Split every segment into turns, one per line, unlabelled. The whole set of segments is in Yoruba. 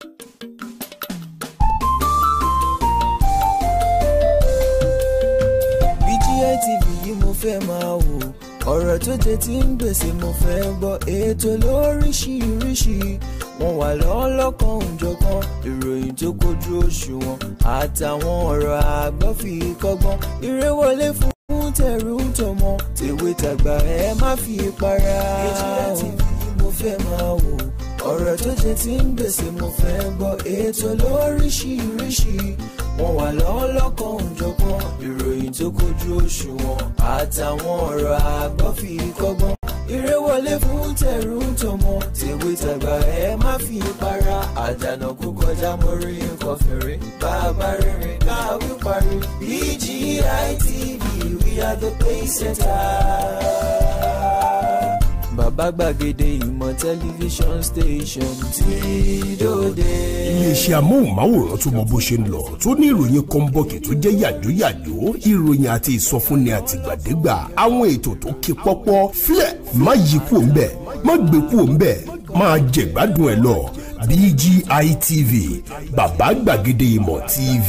BGI TV yìí mo fẹ́ máa wò ọ̀rọ̀ tó jẹ ti ń gbèsè mo fẹ́ gbọ́ ètò lóríṣiríṣi wọ́n wà lọ́lọ́kan òjọ̀kan ìròyìn tó kojú òṣùwọ̀n àtàwọn ọ̀rọ̀ àgbọ́ fi kọ́gbọ́n eré wọlé fún tẹrú tọmọ tèwe tàgbà ẹ má fi para BGI yìí mo fẹ́ máa wò ọ̀rọ̀ tó jẹ ti ń gbèsè mo fẹ́ gbọ́ ètò lóríṣiríṣi wọ́n wà lọ́wọ́ lọ́kàn òjọ̀kan ìròyìn tó kojú òṣùwọ̀n àtàwọn ọ̀rọ̀ àgbọ́ fi kọ́gbọ́n eré wọlé fún tẹ̀rù tọmọ tèwe tàgbà ẹ má fi para àdànà kó kọjá mọ́rí nǹkan fèrè bàbá rere káwí parí BGI TV we are the pace setters bàbá gbàgede ìmọ̀ tẹlifíṣọ̀n station tí dòde.
iléeṣẹ́ amóhùnmáwòrán tó mọ bó ṣe ń lọ tó ní ìròyìn kọ́ńbọ̀kì tó jẹ́ yàjóyàjó ìròyìn àti ìsọfúnni àtìgbàdégbà àwọn ètò tó ké pọ́pọ́ flẹ̀ má yí kúò ń bẹ̀ má gbé kúò ń bẹ̀ jẹ̀gbádùn ẹ̀ lọ BGI bàbá gbàgede ìmọ̀ TV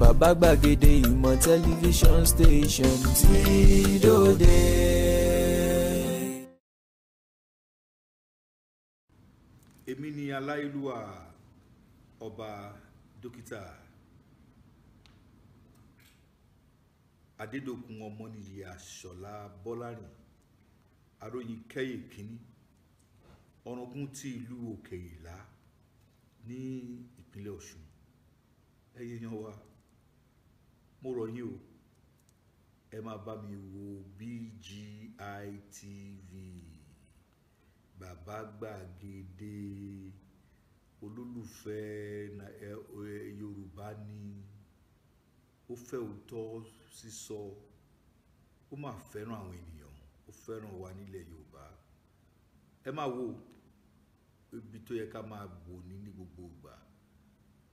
bàbá gbàgede ìmọ̀
tẹlifíṣọ̀n station ti dòde. èmi ni aláìlúwà ọba dókítà adédọ̀kun ọmọnìyí àṣọlá bọ́lárìn aróyin kẹ́yè kínní ọ̀ràngún ti ìlú òkè ìlà ní ìpínlẹ̀ ọ̀ṣun ẹ̀yẹ̀yàn wa mo rọ̀ yín o ẹ máa bá mi wo BGI TV bàbá gbàgede olólùfẹ́ yorùbá ni ó fẹ́ òótọ́ sísọ ó máa fẹ́ràn àwọn ènìyàn ó fẹ́ràn wa nílẹ̀ yorùbá ẹ máa wo ibi tó yẹ ká máa wò ní ní gbogbo ìgbà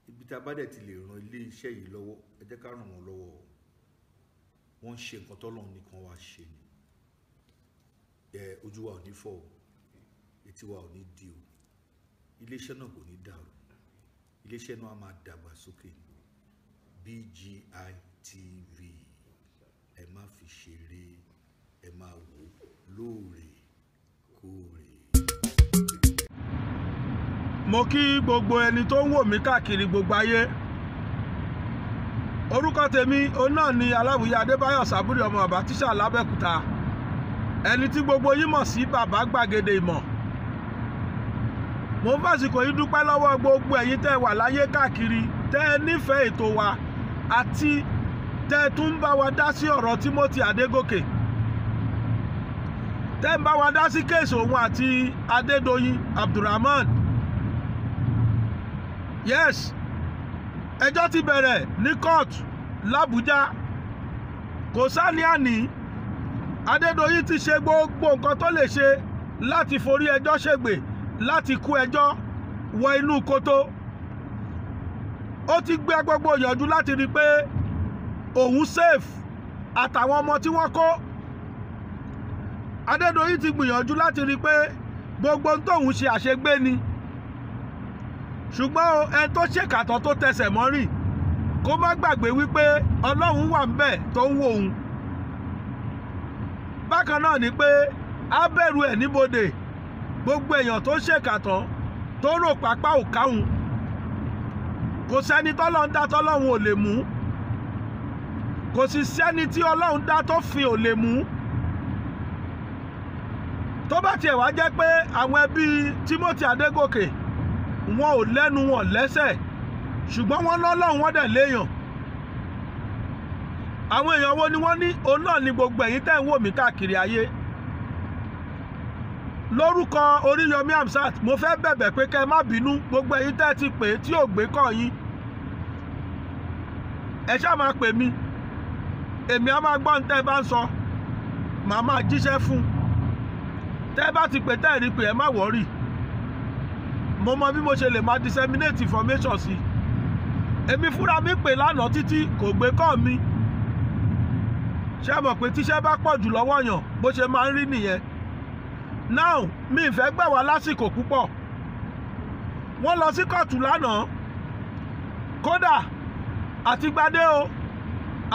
ibi tá a bá dẹ̀ ti lè ran ilé iṣẹ́ yìí lọ́wọ́ ẹ jẹ́ ká ràn wọ́n lọ́wọ́ wọ́n ń ṣe nǹkan tọ́lọ́run nìkan wá ṣe ni ojú wa ò ní fọ́ etí wa ò ní di o iléeṣẹ́ náà kò ní dàrú iléeṣẹ́ náà á máa dàgbà sókè BGI TV ẹ má fi ṣeré ẹ máa wò
lóòrèkóòrè mo kí gbogbo ẹni tó ń wò mí káàkiri gbogbo ayé orúkọ tèmi òun náà ni aláwìyé adébáyọ̀ sábúrì ọmọ bàbá tíṣà lábẹ́kúta ẹni tí gbogbo yín mọ̀ sí bàbá gbàgede ìmọ̀ mo ń fàsìkò yìí dúpẹ́ lọ́wọ́ gbogbo ẹ̀yin tẹ́ wà láyé káàkiri tẹ́ ẹ nífẹ̀ẹ́ ètò wa àti tẹ́ ẹ tún bá wa dá sí ọ̀rọ̀ Timothy Adégòkè tẹ́ ń bá wa dá sí kéèsì òun àti Adédoyin Abdulrahman yes ẹjọ́ ti bẹ̀rẹ̀ ní kóòtù làbújá kò sáníàní adédọ̀yìn ti ṣe gbogbo nǹkan tó lè ṣe láti forí ẹjọ́ ṣègbè láti kú ẹjọ́ wọ inú kòtò ó ti gbé gbogbo ìyànjú láti rí i pé òun safe àtàwọn ọmọ tí wọ́n kó adédọ̀yìn ti gbìyànjú láti rí i pé gbogbo ohun tóun ṣe àṣegbé ni ṣùgbọ́n ẹni tó ṣèkàtọ́ tó tẹsẹ̀ mọ́rì kó má gbàgbé wípé ọlọ́run wà ńbẹ̀ tó ń wò òun bákan náà ni pé á bẹ̀rù ẹ̀ níbodè gbogbo èèyàn tó ṣèkàtọ́ tó rò pápá ò káhùn kò sẹ́ni tọ́lọ́run dá tọ́lọ́run ò lè mú kò sì sẹ́ni tí ọlọ́run dá tó fi ò lè mú tó bá tiẹ̀ wá jẹ́ pé àwọn ẹbí Timothy Adégòkè wọn ò lẹ́nu wọn lẹ́sẹ̀ ṣùgbọ́n wọ́n lọ́lọ́run wọ́n dẹ̀ léèyàn àwọn èèyàn wo ni wọ́n ní òun náà ni gbogbo ẹ̀yin tẹ́ ń wò mí káàkiri ayé lórúkọ Oríyọmí Hamzat mo fẹ́ bẹ̀bẹ̀ pé kẹ́ ẹ má bínú gbogbo ẹ̀yin tẹ́ ti pè é tí ò gbé kọ́ yín ẹ ṣáà máa pè mí èmi á máa gbọ́ ní tẹ́ ẹ bá ń sọ màá máa jíṣẹ́ fún tẹ́ ẹ bá ti pè tẹ́ ẹ rí pé ẹ má wọ́rì mo mọ bí mo ṣe lè máa disseminate information sí èmi fúnra mi pè lánàá títí kò gbé kọ́ mi ṣé mọ̀ pé tíṣẹ́ bá pọ̀ jù lọ́wọ́ yàn bó ṣe máa ń rí nìyẹn now mi ì fẹ́ gbà wá lásìkò púpọ̀ wọ́n lọ sí kóòtù lánàá kódà àtìgbàdé o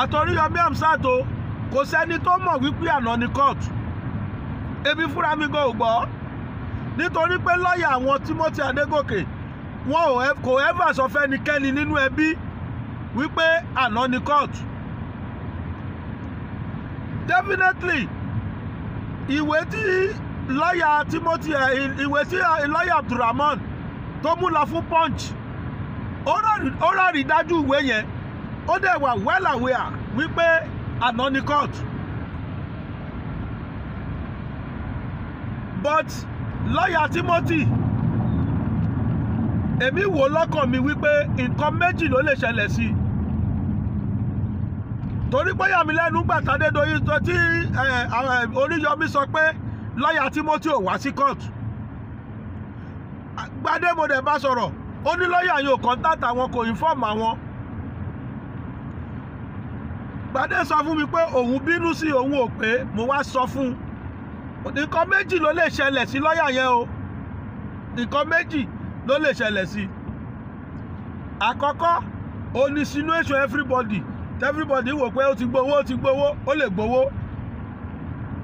àtọ̀ríyọmí amsat o kò sẹ́ni tó mọ̀ wípé àná ni kóòtù èmi fúnra mi gan ò gbọ́ nítorí pé lọ́ọ̀yà àwọn Timothy Adégòkè wọn kò ẹ́fà sọ fẹ́nikẹ́ni nínú ẹbí wípé àná ni court definitely ìwé tí lọ́ọ̀yà Timothy ìwé tí lọ́ọ̀yà Abdulrahman tó mú lọ fún punch ó rárí dájú ìwé yẹn ó dẹ̀ wà well aware wípé àná ni court but lọ́ọ̀yà Timothy èmi wò lọ́kàn mi wípé nǹkan méjì ló lè ṣẹlẹ̀ sí i torí pé yàmí lẹ́nu gbà tádédoyin tó tí Oríyọmí sọ pé lọ́ọ̀yà Timothy ò wá sí kóòtù Gbadémodé bá sọ̀rọ̀ ó ní lọ́ọ̀yà yóò kọ́ńtàtà àwọn kò ìfọ́ọ̀mù àwọn Gbadé sọ fún mi pé òun bínú sí òun ò pé mo wá sọ fún un nǹkan méjì ló lè ṣẹlẹ̀ sí lọ́ọ̀yà yẹn o nǹkan méjì ló lè ṣẹlẹ̀ sí àkọ́kọ́ ó ní sinuation everybody everybody wò pé ó ti gbowó ó ti gbowó ó lè gbowó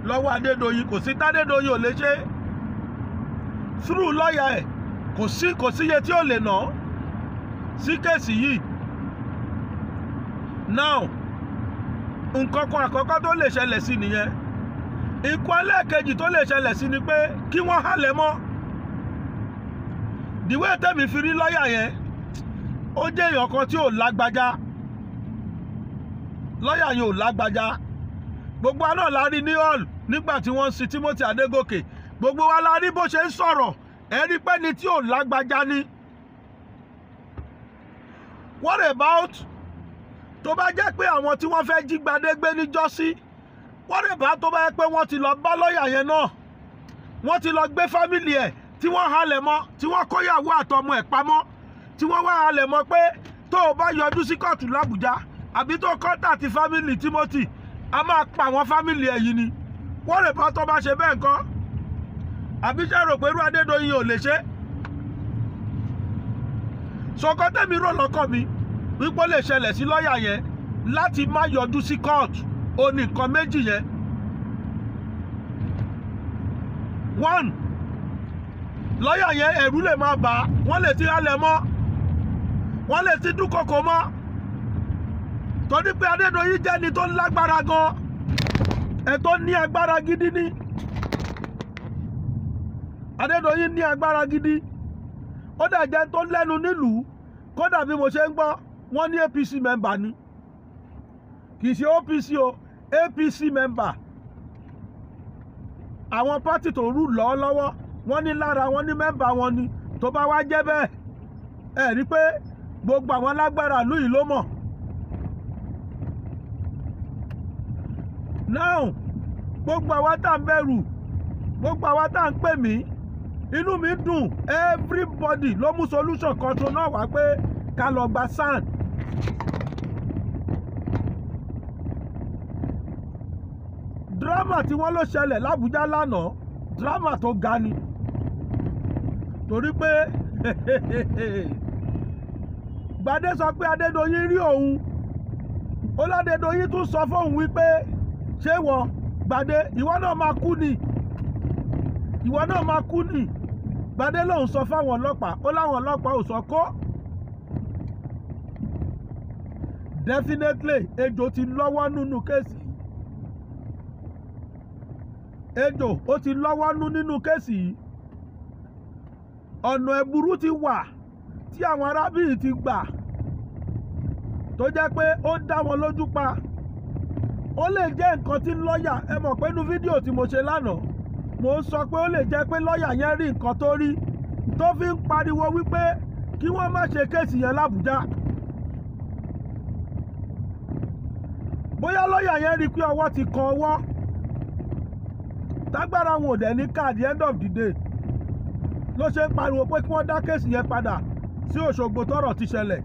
lọ́wọ́ Adédoyin kò sí tádédoyin ò lè ṣe through lọ́ọ̀yà ẹ̀ kò sí kò síye tí ò lè ná sí kéèsì yìí now nǹkan kan àkọ́kọ́ tó lè ṣẹlẹ̀ sí nìyẹn ikú ẹlẹ́ẹ̀kejì tó lè ṣẹlẹ̀ sí ni pé kí wọ́n halẹ̀ mọ́ dìwé tẹ̀mí fi rí lọ́ọ̀yà yẹn ó jẹ́ èèyàn kan tí ò lágbájá lọ́ọ̀yà yẹn ò lágbájá gbogbo wa la rí ní hall nígbà tí wọ́n ń sin Timothy Adégòkè gbogbo wa la rí bó ṣe ń sọ̀rọ̀ ẹ pé ni tí ò lágbájá ni what about tó bá jẹ́ pé àwọn tí wọ́n fẹ́ jí Gbadé gbé níjọ́sí. Si? wọ́rẹ̀bá tó bá yẹ pé wọ́n ti lọ bá lọ́ọ̀yà yẹn náà wọ́n ti lọ gbé fámìlì ẹ̀ tí wọ́n halẹ̀ mọ́ tí wọ́n kóyàwó àtọmọ ẹ̀ pamọ́ tí wọ́n wá halẹ̀ mọ́ pé tó o bá yọjú sí kóòtù làbújá àbí tó kọ́ńtà ti fámìlì Timothy a máa pa àwọn fámìlì ẹ̀ yìí ni wọ́rẹ̀bá tó bá ṣe bẹ́ẹ̀ nǹkan àbí ṣe rò pé irú Adédoyin ò lè ṣe sọkọ́tẹ́mi rò lọ́kọ̀ mi wípé ó lè ṣẹlẹ̀ sí lọ́ọ̀yà yẹn láti má yọjú sí kóòtù Oni ní nǹkan méjì yẹn one lọ́yà yẹn ẹ̀rú lè máa bà á wọ́n lè ti halẹ̀ mọ́ wọ́n lè ti dúnkọkọ mọ́ torí pé Adédoyin jẹ́ ẹni tó ń lágbára gan ẹ tó ní agbára gidi ni Adédoyin ní agbára gidi ó dà jẹ́ tó lẹ́nu nílùú kódà bí mo ṣe ń gbọ́ wọ́n ní APC mẹ́mbà ni kì í ṣe OPC o. APC member àwọn pátì tó rú lọ́ lọ́wọ́ wọ́n ní lára wọn ní mẹ́mbà wọn ni tó bá wá jẹ́ bẹ́ẹ̀ ẹ rí pé gbogbo àwọn alágbára ìlú yìí ló mọ̀ now gbogbo àwa tá à ń bẹ̀rù gbogbo àwa tá à ń pè mí inú mi dùn everybody ló mú solution kan tó náà wá pé ká lọ gba sand drama tí wọ́n ló ṣẹlẹ̀ lábújá lánàá drama tó ga ni torí pé Gbadé sọ pé Adédoyin rí òun ó ládédoyin tún sọ fóun wípé ṣé wọ Gbadé ìwọ náà máa kú ni ìwọ náà máa kú ni Gbadé lòun sọ fáwọn ọlọ́pàá ó láwọn ọlọ́pàá ò sọ kó definitely ejò ti lọ́wọ́ nínú kéèsì ejò ó ti lọ́wọ́ nú nínú kéèsì yìí ọ̀nà ẹ̀bùrú ti wà tí àwọn arábìrì ti gbà tó jẹ́ pé ó dá wọn lójú pa ó lè jẹ́ nǹkan tí lọ́ọ̀yà ẹ mọ̀ pé inú fídíò tí mo ṣe lánàá mo ń sọ pé ó lè jẹ́ pé lọ́ọ̀yà yẹn rí nǹkan tó rí tó fi ń pariwo wípé kí wọ́n má ṣe kéèsì yẹn lábùjá bóyá lọ́ọ̀yà yẹn rí i pé ọwọ́ ti kan ọwọ́ tágbára wọn ò dẹ̀ ní ká the end of the day ló ṣe ń pariwo pé kí wọ́n dá kéèsì yẹn padà sí Òṣogbo tọ́rọ̀ ti ṣẹlẹ̀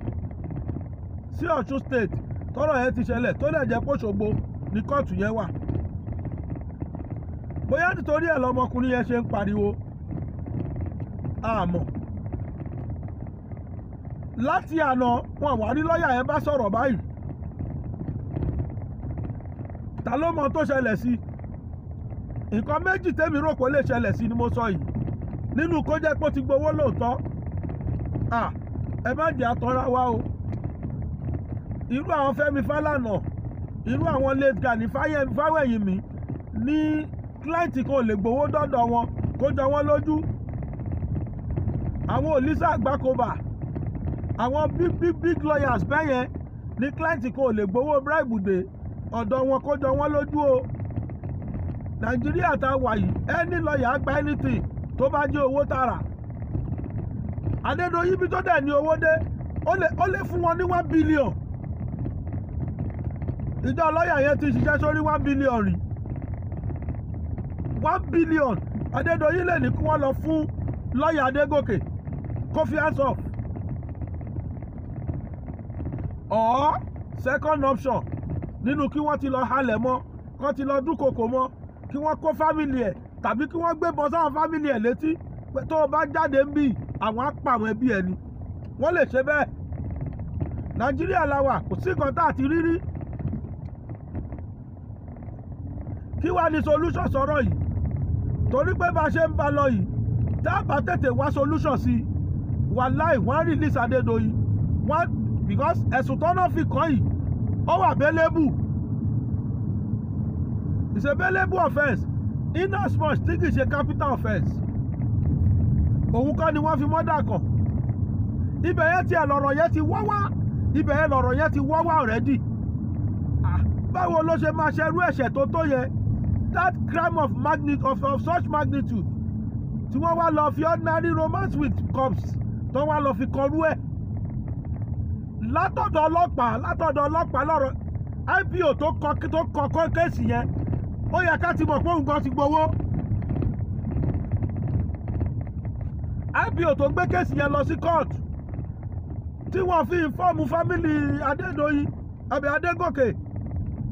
sí Ọ̀ṣun state tọ́rọ̀ yẹn ti ṣẹlẹ̀ tó dẹ̀ jẹ́ pé Òṣogbo ní kóòtù yẹn wà bóyá nítorí ẹ̀ lọmọkùnrin yẹn ṣe ń pariwo àmọ́ láti àná wọn wà ní lọ́ọ̀yà yẹn bá sọ̀rọ̀ báyìí ta ló mọ tó ṣẹlẹ̀ sí i nǹkan méjì tẹ́mi rò pé ó lè ṣẹlẹ̀ sí ni mo sọ yìí nínú kó jẹ́ pé ó ti gbowó lóòótọ́ ẹ má jẹ́ àtọ́ra wa o irú àwọn Fẹ́mi Fálànà irú àwọn late Gani Fáwẹ̀yìnmí ní client kan ò lè gbowó dọ́dọ̀ wọn kó jọ wọ́n lójú àwọn olisa àgbákòbà àwọn big big big lawyers bẹ́yẹn ní client kan ò lè gbowó bribe dé ọ̀dọ̀ wọn kó jọ wọ́n lójú o nàìjíríà tá a wà yìí ẹni lọ́ọ̀yà gba anything tó bá jẹ́ owó tààrà adédọ́yìn bí tó dẹ̀ ní owó dé ó lè fún wọn ní one billion ìjọ lọ́ọ̀yà yẹn ti ṣiṣẹ́ sórí one billion rí one billion adédọ́yìn lè ní kí wọ́n lọ fún lọ́ọ̀yà adégòkè Kofi Asaf or second option nínú kí wọ́n ti lọ halẹ̀ mọ́ kán ti lọ dúnkokò mọ́ kí wọ́n kó fámìlì ẹ̀ tàbí kí wọ́n gbébọn sáwọn fámìlì ẹ̀ létí pé tó o bá jáde ń bì àwọn á pa àwọn ẹbí ẹ ni wọ́n lè ṣe bẹ́ẹ̀ nàìjíríà la wà kò sí nǹkan tá a ti rí rí kí wàá ní solution sọ̀rọ̀ yìí torí pé bá a ṣe ń bá lọ yìí tá a bá tètè wá solution sí i wàláì wọ́n release Adédoyin wọ́n because ẹ̀sùn tọ́nà fi kàn yìí ó wà available It's a valuable offense. in as much tí kì í capital offense. òun kọ́ ni wọ́n fi mọ́dà kàn ibẹ̀ yẹn tiẹ̀ lọ̀rọ̀ yẹn ti wá wá ibẹ̀ yẹn lọ̀rọ̀ yẹn ti wá wá already ah, báwo ló ṣe máa ṣerú ẹ̀ṣẹ̀ tó tó yẹ that crime of magnitude of, of such magnitude tí wọ́n wá lọ fi ordinary romance with cops tó wá lọ fi kọrú ẹ̀ látọ̀dọ̀ ọlọ́pàá látọ̀dọ̀ ọlọ́pàá lọ́rọ̀ IPO tó kọ kéèsì yẹn ó yẹ ká ti mọ̀ pé òun ti gbowó ipo tó gbé kéèsì yẹn lọ sí kóòtù tí wọ́n fi fọ́ọ̀mù fámìlì adédọ́yìn àbí adégòkè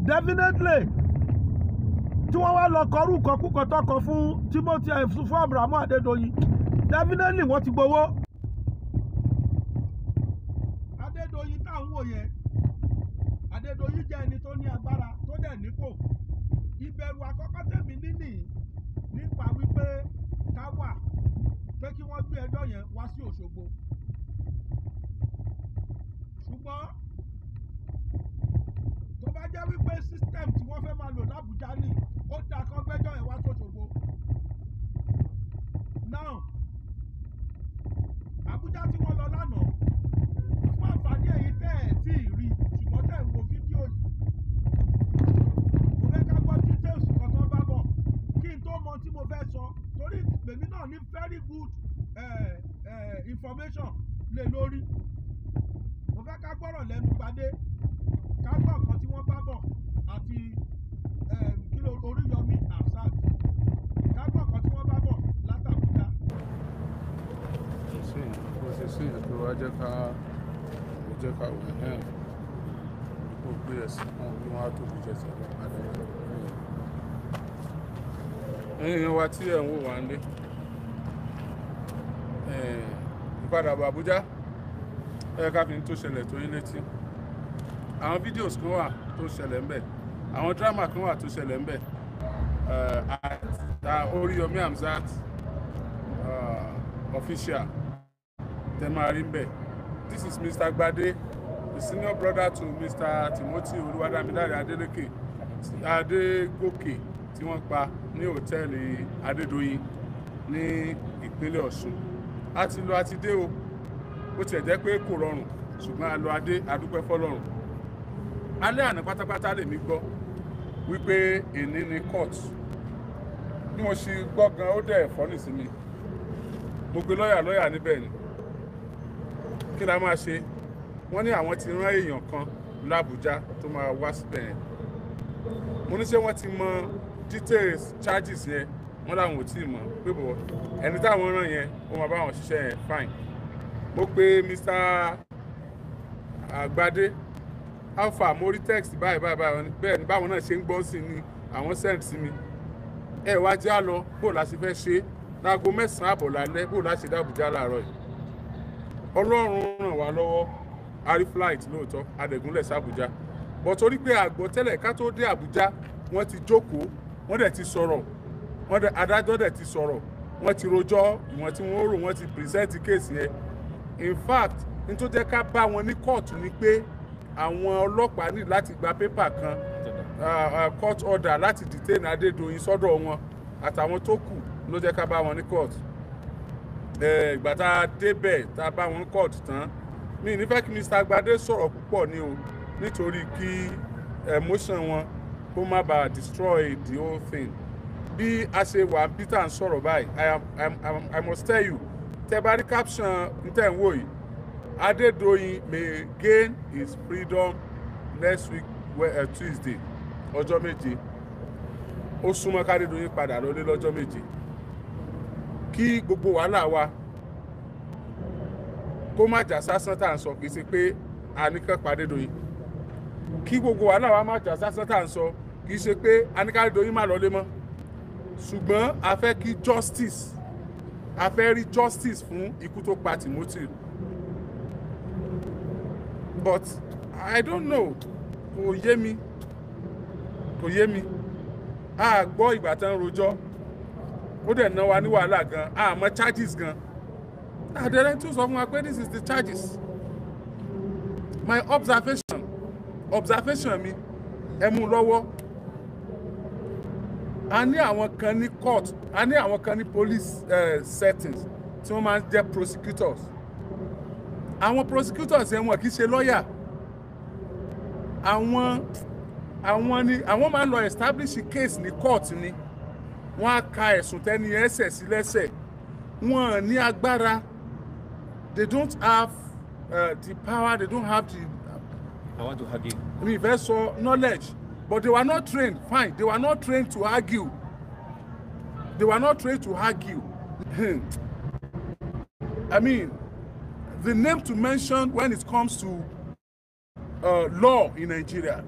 definitely tí wọ́n wá lọ kọrú kọkúkọ tọkọ fún timothy eh, fún abrahamu adédọ́yìn definitely wọ́n ti gbowó. adédọ́yìn táwọn wò yẹn ẹni tó ní agbára tó nípò. ìbẹ̀rù àkọ́kọ́ tẹ̀mí níní nípa wípé ká wà pé kí wọ́n gbé ẹjọ́ yẹn wá sí Òṣogbo ṣùgbọ́n tó bá jẹ́ wípé system tí wọ́n fẹ́ máa lò lábújá ni ó dà kán gbẹ́jọ́ yẹn wá sí Òṣogbo now Àbújá tí wọ́n lọ lánàá. èmi náà ní very good uh, uh, information lè lórí mo fẹ́ ká gbọ́rọ̀ lẹ́nu gbadé ká gbọ́ nǹkan tí wọ́n bá bọ̀ àti eh, kílò oríyọmí afsat ká gbọ́ nǹkan tí wọ́n bá bọ̀ látàkúta.
bó ṣe sí ètò ajé ká jẹ́ ká wọ̀ ẹ̀ kó gbé ẹ̀sìn wọn bí wọ́n á tóbi jẹ̀sẹ̀ lọ́pàá lọ́wọ́ ẹ̀yìn wa tí ẹ̀ ń wò wá ń lé ìpadàbọ̀ Àbújá ẹ̀ka fi ń tó ṣẹlẹ̀ tó yín létí àwọn fídíòs kan wà tó ṣẹlẹ̀ ń bẹ̀ àwọn dírámà kan wà tó ṣẹlẹ̀ ń bẹ̀ àtà uh, Oríyọmí Hamzat uh, official tẹ ń bẹ̀ this is Mr. Gbade the senior brother to Mr. Timothy Olúwadámiláre Adélèké Adégòkè tí wọ́n pa ní hòtẹ́ẹ̀lì Adédoyin ní ìpínlẹ̀ Ọ̀ṣun a ti lọ a ti dé o ó tiẹ̀ jẹ́ pé kò rọrùn ṣùgbọ́n a lọ adé adúpẹ́ fọlọ́run alẹ́ àná pátápátá lèmi gbọ́ wípé èní ni court bí mo ṣe gbọ́ gan ó dẹ̀ fọ́nì sí mi mo pe lọ́ọ̀yà lọ́ọ̀yà níbẹ̀ ni kí la máa ṣe wọ́n ní àwọn ti rán èèyàn kan lábújá tó máa wá síbẹ̀ yẹn mo ní ṣé wọ́n ti mọ details charges yẹn wọ́n láwọn ò tí ì mọ̀ pé bọ̀ ẹni táwọn rán yẹn ó máa bá wọn ṣiṣẹ́ yẹn fine mo pe Mr. Àgbàdé alpha mori text báyìí báyìí báyìí bẹ́ẹ̀ ni báwọn náà ṣe ń gbọ́ sí ni àwọn send sí mi ẹ wá já lọ bó la ṣe fẹ́ ṣe láago mẹ́sàn-án àbọ̀ lálẹ́ bó la ṣe dábùjá láàárọ̀ yìí ọlọ́run ràn wá lọ́wọ́ ari flight lóòótọ́ adẹ̀gúnlẹ̀ sàbújá bọ̀ torí pé àgbọ̀ tẹ́lẹ̀ ká tó dé àbújá wọ́n ti jókòó wọ́n dẹ̀ ti sọ̀rọ̀ adájọ́ dẹ̀ ti sọ̀rọ̀ wọ́n ti rojọ́ ìwọ̀n tí wọ́n rò wọ́n ti present case yẹn in fact n tó jẹ́ ká bá wọn ní kóòtù ni pé àwọn ọlọ́pàá ní láti gba pépà kan uh, uh, court order láti detain Adédoyin sọ́dọ̀ wọn àtàwọn tó kù ló jẹ́ ká bá wọn ní court ìgbà tá a débẹ̀ tá a bá wọn court tán mi nífẹ̀ẹ́ kí Mr. Agbade sọ̀rọ̀ púpọ̀ ni o nítorí kí emotion wọn kó má bàa destroy the whole thing bí a ṣe wà bí tá sọ̀rọ̀ báyìí I am I am I must tell you tẹ bá rí caption ntẹ̀ ń wò yìí Adédoyin may gain his freedom next week well, uh, Tuesday ọjọ́ méje ó súnmọ́ kádédoyin padà lọlé lọ́jọ́ méje kí gbogbo wàhálà wa kó má jà sásán tá à ń sọ kì í ṣe pé àníkàn pàdédoyin kí gbogbo wàhálà wa má jà sásán tá à ń sọ kì í ṣe pé àníkàn má lọlé mọ́ ṣùgbọ́n a fẹ́ kí justice a fẹ́ rí justice fún ikú tó pa Timothy but I don't know kò yé mi kò yé mi a gbọ́ ìgbà tán rojọ́ ó dẹ̀ ná wa ní wàhálà gan a mọ charges gan àdẹ̀rẹ́ tó sọ fún wa pé this is the charges my observation observation mi ẹ mú lọ́wọ́ a ní àwọn kan ní court a ní àwọn kan ní police uh, settings tí wọ́n máa ń jẹ́ prosecutors àwọn prosecutors yẹn wọn kì í ṣe lawyer. àwọn àwọn ni àwọn máa ń lọ establish case ní court ni wọ́n á ka ẹ̀sùn tẹ́ni ẹsẹ̀ sí lẹ́sẹ̀ wọ́n ní agbára they don't have uh, the power they don't have the. I want to argue. mi ìfẹ́ sọ knowledge But they were not trained, fine. They were not trained to argue. They were not trained to argue. Hmm. I mean, the name to mention when it comes to uh, law in Nigeria,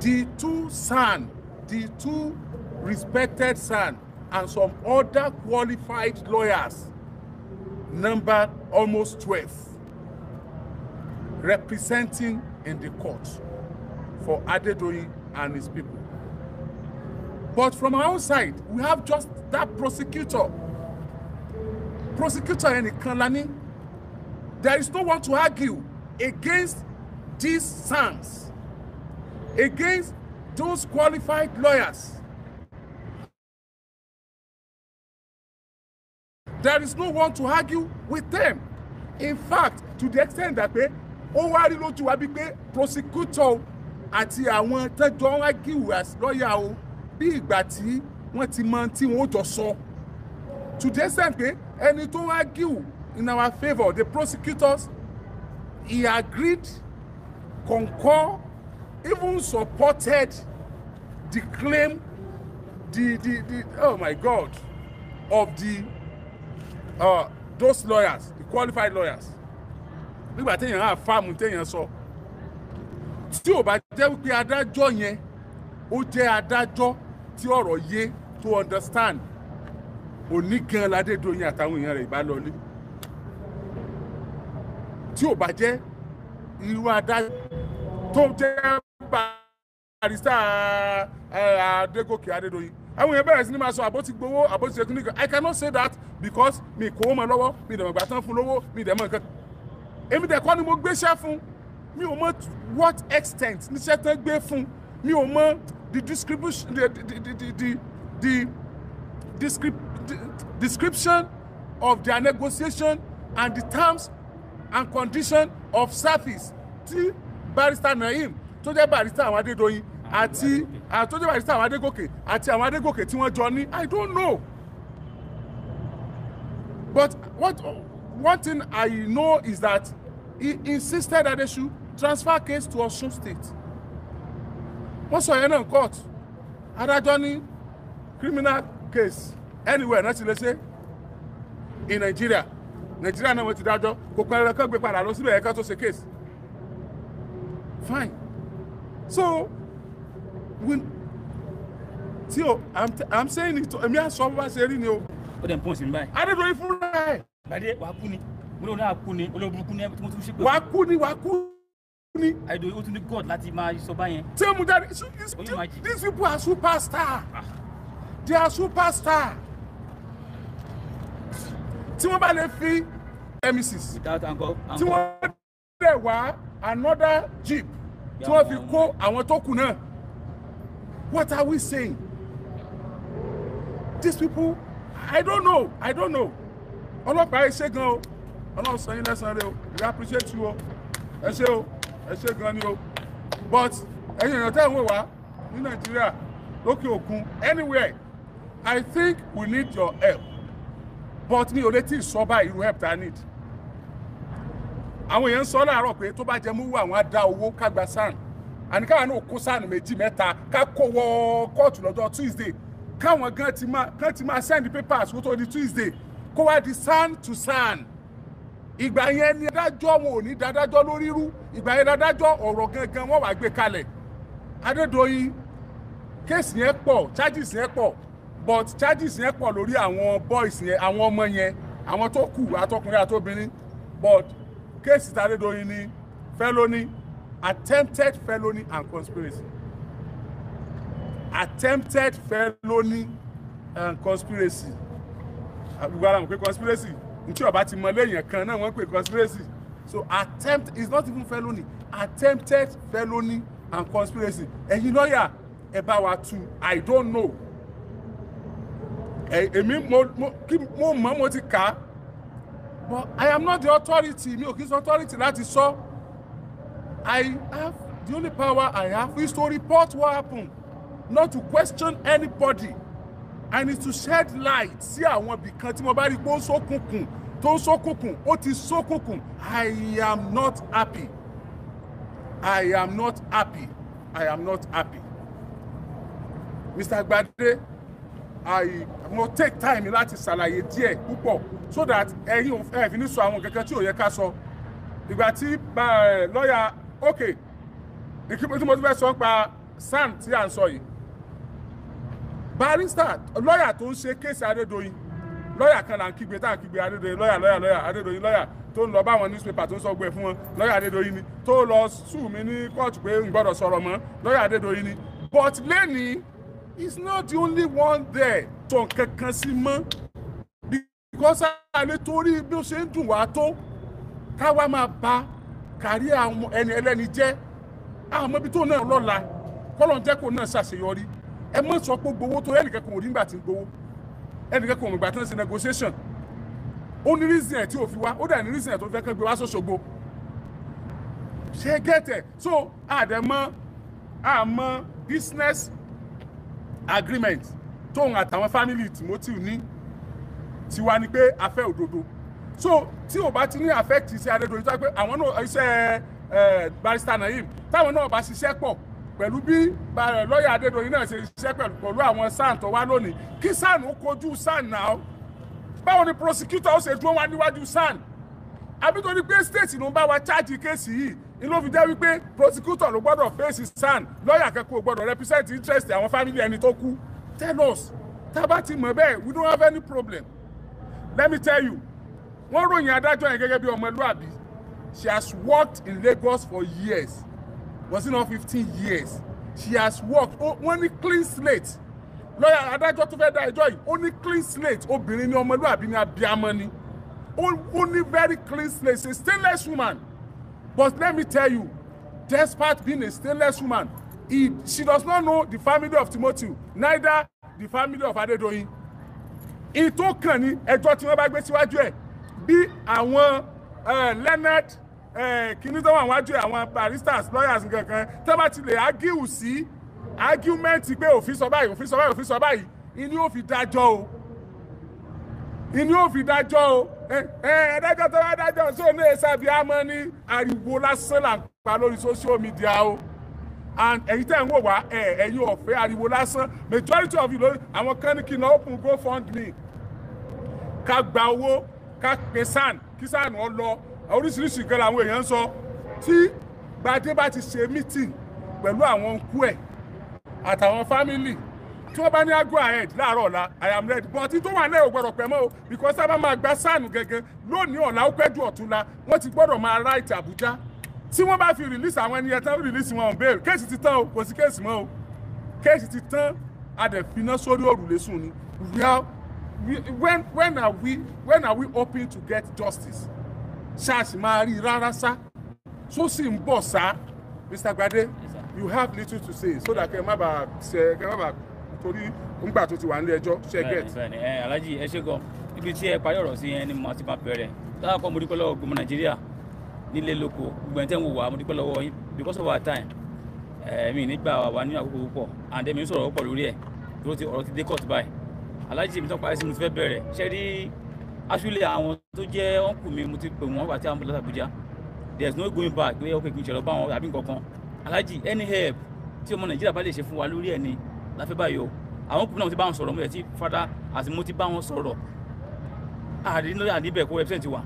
the two SAN, the two respected SAN, and some other qualified lawyers number almost 12 representing in the court for Adedoyin and his people. But from our own side, we have just that prosecutor. Prosecutor ẹnìkan la ní. There is no one to argue against these sons, against those qualified lawyers. There is no one to argue with them. In fact, to the extent that pé ó wá rí prosecutor àti àwọn tẹ́jọ́ wá gíwù lọ́ọ̀yà o bí ìgbà tí wọ́n ti mọ tí wọ́n jọ sọ to the extent ẹni tó wá gíwù in our favour the prosecutors he agreed concur even supported the claim the the the oh my god of the uh, those lawyers the qualified lawyers nígbà téèyàn á fáàmù téèyàn sọ. So, tí ò bá jẹ́ wípé adájọ́ yẹn ó jẹ́ adájọ́ tí ọ̀rọ̀ yé tó understand òní gan ládédọ́yìn àtàwọn èèyàn rẹ̀ ìbá lọlé tí ò bá jẹ́ irú adájọ́ tó jẹ́ barista Adégòkè Adédọ́yìn àwọn èèyàn bẹ̀rẹ̀ sí ni máa sọ àbó ti gbowó àbó ti ṣe kíní I cannot say that because mi kò wọ́n mọ lọ́wọ́ mi dẹ̀ mọ̀ gbà tán fún lówó mi dẹ̀ mọ̀ nǹkan èmi dẹ̀ kọ́ ni mo gbéṣẹ́ fún un mi ò mọ what extent níṣẹ́ tán gbé fún mi ò mọ the description the the the the the, description of their negotiation and the terms and condition of service ti Barista naim tó jẹ́ Barista àwọn adédọ́yìn àti tó jẹ́ Barista àwọn adégòkè àti àwọn adégòkè tí wọ́n jọ ní i don't know but what one thing i know is that he insisted that they should transfer case to Ọ̀ṣun state wọ́n sọ yẹn náà court adájọ́ ní criminal case anywhere náà ti lè ṣe in Nigeria Nigeria náà wọ́n ti dájọ́ kò pẹ́ ẹ̀rọ kan gbé padà lọ síbẹ̀ ẹ̀ka tó ṣe case fine so when tí o i'm i'm saying it èmi àsọ bá
ṣe rí ni o. ó dẹ̀ ń pọ́n sí mi báyìí. Adédoyin fúnra ẹ̀. gbàdé wàá kú ni mo lóun náà kú ni olóògùn kú ni mo tún ṣe pé. wàá kú ni wàá kú ni. àìdò o tún ní god láti máa sọ báyẹn.
ṣé mo dárí these people are superstar ah. they are superstar tí wọ́n bá lè fi emesis tí wọ́n lè wá another jeep tí wọ́n fi kó àwọn tó kù náà what are we saying these people i don't know i don't know ọlọ́pàá ẹ ṣé gan o ọlọ́run sọ yín lẹ́sàn rẹ o we appreciate you o ẹ ṣé o ẹ ṣe gan ni o but ẹ̀yin èèyàn tẹ́ ń wò wá ní nàìjíríà lókè òkun anywhere i think we need your help but mi ò lè tí ì sọ irú help ta need àwọn èèyàn ń sọ láàárọ̀ pé tó bá jẹ mú wà wọn á dá owó kágbá sáàn àní káwọn náà kó sáàn méjì mẹ́ta ká kó wọ kóòtù lọ́jọ́ tuesday káwọn gan ti máa gan ti máa send papers kó tó di tuesday kó wá di sáàn to sáàn ìgbà yẹn ni adájọ́ wọn ò ní dádájọ́ lórí irú ìgbà yẹn adájọ́ ọ̀rọ̀ gangan wọn wà gbé kalẹ̀ Adédoyin kéèsì yẹn pọ̀ charges yẹn pọ̀ but charges yẹn pọ̀ lórí àwọn boys yẹn àwọn ọmọ yẹn àwọn tó kù àtọkùnrin àtobìnrin but kéèsì t'Adédoyin ni felony attempted felony and conspiracy attempted felony and conspiracy àbúgbàrà mọ̀ pé conspiracy ntí ọba ti mọ léèyàn kan náà wọ́n pè conspiracy so attempt is not even felony attempted felony and conspiracy ẹ̀yin lọ́ọ̀yà ẹ bá wa tu i don't know èmi mo mọ̀ mo ti kà á but i am not the authority mi ò kí sọ authority láti sọ i have the only power i have is to report what happened not to question anybody. I need to shed light sí àwọn ibìkan tí mo bá rí pé ó ń ṣókùnkùn tó ń ṣókùnkùn ó ti ṣókùnkùn I am not happy I am not happy I am not happy Mr. Gbadé I mo take time láti ṣàlàyé díẹ̀ púpọ̀ so that ẹ̀yin ẹ fi ní sọ àwọn kankan tí ò yẹ ká sọ ìgbà tí eh, lọ́ọ̀yà okay ìkíni tí mo ti fẹ́ sọ ń pa SAN tí à ń sọ yìí Barista, lọ́yà tó ń ṣe kéèsì adédọ̀yìn lọ́yà kan là ń kígbe tá à ń kígbe adédọ̀yìn lọ́yà lọ́yà lọ́yà adédọ̀yìn lọ́yà tó ń lọ báwọn newspaper tó ń sọ gbẹ fún wọn lọ́yà adédọ̀yìn ni tó lọ sùn mí ní kóòtù pé n gbọ́dọ̀ sọ̀rọ̀ mọ́ lọ́yà adédọ̀yìn ni but lẹ́ni is not the only one there tó kankan sí mọ́ because àlè torí bí ó ṣe ń dùn wá tó káwa máa ba kárí àwọn ẹni ẹlẹ́ni jẹ́ àwọn ọmọ ibi tó náà lọ́la kọ́lọ́n jẹ́ kó náà ṣàṣeyọrí ẹ mọ̀ sọ pé gbowó tó ẹnìkan kò rí nígbà tí ń gbowó ẹnìkan kò mọ̀ ìgbà tí wọ́n ṣe negotiation ó ní reason ẹ̀ tí ò fi wá ó dà ní reason ẹ̀ tó fẹ́ kẹ́ gbé wá sọ́sọ́gbó ṣe gẹ́tẹ̀ so àdẹ̀mọ́ àmọ́ business agreement tóun àtàwọn family Timothy ní tiwa ni pé a fẹ́ òdodo so tí ò bá ti ní affect iṣẹ́ adédọ̀yìn tó yẹ pé àwọn náà iṣẹ́ eh, barrister Naim táwọn náà bá ṣiṣẹ́ pọ̀ pẹ̀lú bí bàrẹ̀ lọ́ọ̀yà Adédoyin náà ṣe ṣiṣẹ́ pẹ̀lú pẹ̀lú àwọn SAN tó wá lónìí kí SAN ó kojú SAN náà báwo ni prosecutor ó ṣe dúró wá níwájú SAN àbí torí pé state ló ń bá wa charge kéèsì yìí ni ló fi jẹ́ wípé prosecutor ló gbọ́dọ̀ fèsì SAN lọ́ọ̀yà kẹ́kọ̀ọ́ gbọ́dọ̀ represent interest àwọn family ẹni tó kú tell us tá a bá ti mọ̀ bẹ́ẹ̀ we don't have any problem let me tell you wọ́n ròyìn adájọ́ yẹn gẹ́gẹ́ bí ọmọlúàbí she has worked in Lagos for years was it not fifteen years she has worked wọ́n ní clean slate lọ́yà adájọ́ tó fẹ́ dá ẹjọ́ yìí ó ní clean slate obìnrin ni ọmọlúwàbí ni abiyamọ ni ó ní very clean slate she is a stainless woman but let me tell you despite being a stainless woman he, she does not know the family of Timothy neither the family of Adedoyin ìtò kàn ní ẹjọ́ tí wọ́n bá gbé síwájú ẹ̀ bí àwọn eh, Leonard kíní tó wà wájú àwọn baristas lawyers kankan tó bá ti lè ágíù sí ágíùmẹ́ǹtì pé òfin sọ báyìí òfin sọ báyìí òfin sọ báyìí ìní ò fi dájọ́ o ìní ò dájọ́ o ẹ̀ẹ́dájọ́ tó bá dájọ́ sí òun náà sábì àmọ́ ní ariwo lásán là ń pa lórí social media o and ẹ̀yin tẹ̀ ń wò wá ẹ̀yin ọ̀fẹ́ ariwo lásán majority of you lórí àwọn kan ní kí n open GoFundMe ká gba owó ká pè sàn kí sàn ọ lọ oríṣiríṣi nǹkan làwọn èèyàn ń sọ tí Gbadé bá ti ṣe meeting pẹ̀lú àwọn nkú ẹ̀ àtàwọn family tí wọ́n bá ní ago ahead láàárọ̀ ọ̀la i am ready but tí tó wà náà ò gbọ́dọ̀ pẹ́ mọ́ o because tá a bá máa gba sáànù gẹ́gẹ́ lónìí ọ̀la ó pẹ́ ju ọ̀túnla wọ́n ti gbọ́dọ̀ máa right Àbújá tí wọ́n bá fi release àwọn ẹni ẹ̀tàn release wọn on bail kéèsì ti tán o kò sí kéèsì mọ́ o kéèsì ti tán adẹ̀finá sórí òrùlé sùn ni we when when are we when are we hoping to get justice sars máa rí rárá sá so sì ń bọ̀ sá Mr. Gbade you have little to say so that kẹ má bàa ṣe kẹ má bàa torí ńgbà tó ti wà nílé ẹjọ́ ṣe get.
bẹ́ẹ̀ni ẹ alhaji ẹ ṣe gan ibi tí ẹ parí ọ̀rọ̀ sí yẹn ni mo ti máa bẹ̀rẹ̀ táwọn akọ mo dúpẹ́ lọ́wọ́ gbọmọ nàìjíríà nílé lóko gbogbo ẹni tẹ́ ń wò wá mo lọ́wọ́ yín because of our time ẹ̀mí nígbà wà ní àkókò púpọ̀ and ẹ̀mí sọ̀rọ̀ pọ̀ lórí ẹ̀ tó ti ọ̀rọ̀ ti dé court báyìí alhaji mi tán parí sí mo ti fẹ́ bẹ̀rẹ̀ ṣé rí actually àwọn tó jẹ́ ọ̀nkù mi mo ti pè wọ́n wà tí àwọn bọ̀dọ̀ Àbújá there is no going back pé ọkọ̀ ìgbìmọ̀ ìṣẹ̀lẹ̀ bá wọn àbí nǹkan kan aláàjì any help tí ọmọ Nàìjíríà bá lè ṣe fún wa lórí ẹ̀ ni láfẹ́ báyọ̀ àwọn kùnú náà ti bá wọn sọ̀rọ̀ mo yẹ ti fada àti mo ti bá wọn sọ̀rọ̀ àdínibẹ̀ kó ẹ̀pẹ́sẹ̀ntì wa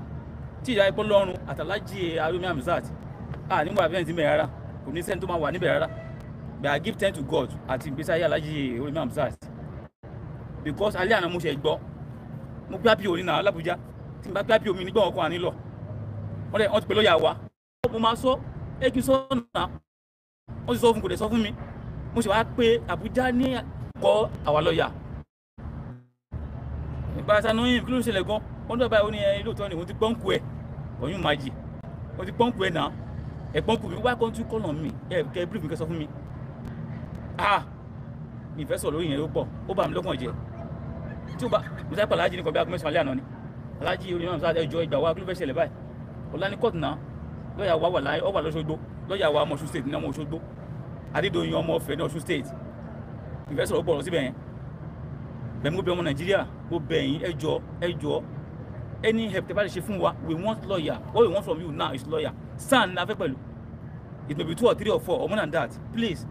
tí ìyá ẹ̀pọ́ lọ́rùn àtàlájì aromi amzat àníwá ẹ̀pẹ́sẹ̀ntì mẹ́rin rárá kò ní sẹ́ni tó máa wà níbẹ̀ rárá but I give thanks to God àti ìgbésí ayé alájì aromi amzat because alẹ́ àná mo ṣe gbọ́ mo gbá pò ní nàá làbújá tí n bá gbá pò mi nígbà wọn kọ́ àní lọ wọn dẹ̀ wọn ti pè lọ́ọ̀yà wa mo máa sọ ẹ kí n sọ ọ̀nà wọn ti sọ fún kò dẹ̀ sọ fún mi mo sì wá pé àbújá ní kọ́ àwa lọ́ọ̀yà ìgbà sanuyin kí ló ń ṣẹlẹ̀ gan wọn dọ̀ báyìí ó ní ẹ lóòótọ́ ni òun ti gbọ́ǹkù ẹ̀ oyún máa jì ó ti gbọ́ǹkù ẹ̀ náà ẹ̀gbọ́n kù mí wá kan tún kọ́nà mi ẹ kẹ́ bírífù kẹ́ sọ fún mi ah ìfẹ́ sọ̀rọ̀ yẹn ló pọ̀ ó bà mí lọ́kàn jẹ́ tí o bá musa pàlà alájí ní kọ̀ọ̀bí aago mẹ́sàn-án alẹ́ àná ni alájí orí náà sáà ẹjọ́ ìgbà wa kí ló fẹ́ ṣẹlẹ̀ báyìí ọ̀la ní kóòtù náà lọ́ọ̀yà wa wà láyé ọ̀wà lọ́sọ̀gbó lọ́ọ̀yà wa ọmọ Ọ̀ṣun state ní ọmọ Òṣogbo Adédoyin ọmọ ọ̀fẹ́ ní Ọ̀ṣun state ìfẹsọ̀ ló bọ̀rọ̀ síbẹ̀ yẹn bẹ̀mú bẹ ọmọ Nàìjíríà mo bẹ̀ yín ẹjọ́ ẹjọ́ any help tẹ́ bá lè ṣe fún wa we want lawyer what we want from you now is lawyer sàn ní afẹ́ pẹ̀lú it may be two or three or four or more than that please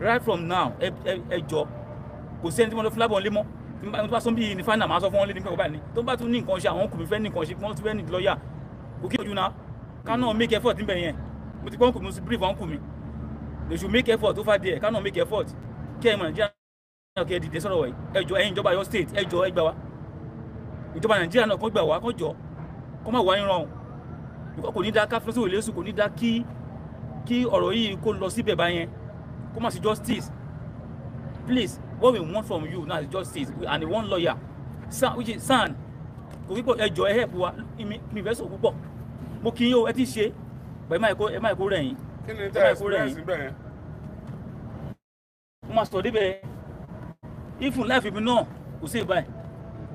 right from now ẹjọ́ kò sí ẹni tí wọ́n lọ fúlábọ̀ ń lé mọ́ tó bá sọ bíi ní máa sọ fún wọn lé ní pẹ̀lú báyìí ni tó bá tún ní nǹkan ṣe àwọn kùnmí fẹ́ ní nǹkan ṣe wọ́n tún fẹ́ ní lọ́ọ̀yà kò kí ojú na kánà make effort níbẹ̀ yẹn mo ti kọ́ nkùnmí mo ti brief àwọn kùnmí they should make effort over there kánà make effort kí ẹ̀ nàìjíríà náà kẹ́ ẹ dìde sọ̀rọ̀ wọ̀nyí ẹjọ́ ẹ̀yin ìjọba your state ẹjọ́ ẹ gbà ìjọba nàìjíríà náà kọ́ please what we want from you now is justice and one lawyer san which is san kò wípé ẹjọ ẹ help wa mi fẹ́ sọ púpọ̀ mo kì í yóò ẹ ti ṣe bẹ́ẹ̀ má ẹ̀kọ́ ẹ má ẹ̀kọ́ rẹ̀ yín ẹ má ẹ̀kọ́ rẹ̀ yín mo máa sọ débẹ̀ ifun láìfi mi náà kò sí ìbáyìí